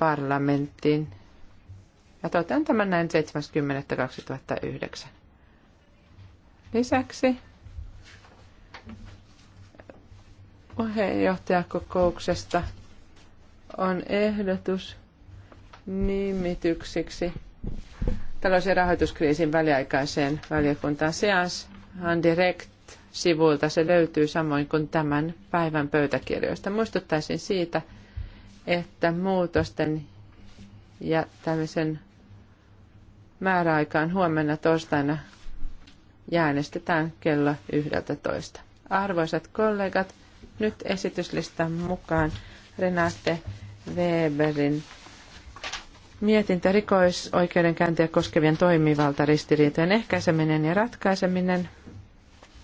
parlamenttiin. Ja totean tämän näin 70.2009. Lisäksi puheenjohtajakokouksesta on ehdotus nimityksiksi talous- ja rahoituskriisin väliaikaiseen valiokuntaan Seanshan Direct sivulta. Se löytyy samoin kuin tämän päivän pöytäkirjoista. Muistuttaisin siitä, että muutosten ja tämmöisen määräaikaan huomenna torstaina jäänestetään kello 11. Arvoisat kollegat, nyt esityslistan mukaan Renate Weberin mietintö rikoisoikeudenkäyntiä koskevien toimivaltaristiriitojen ehkäiseminen ja ratkaiseminen –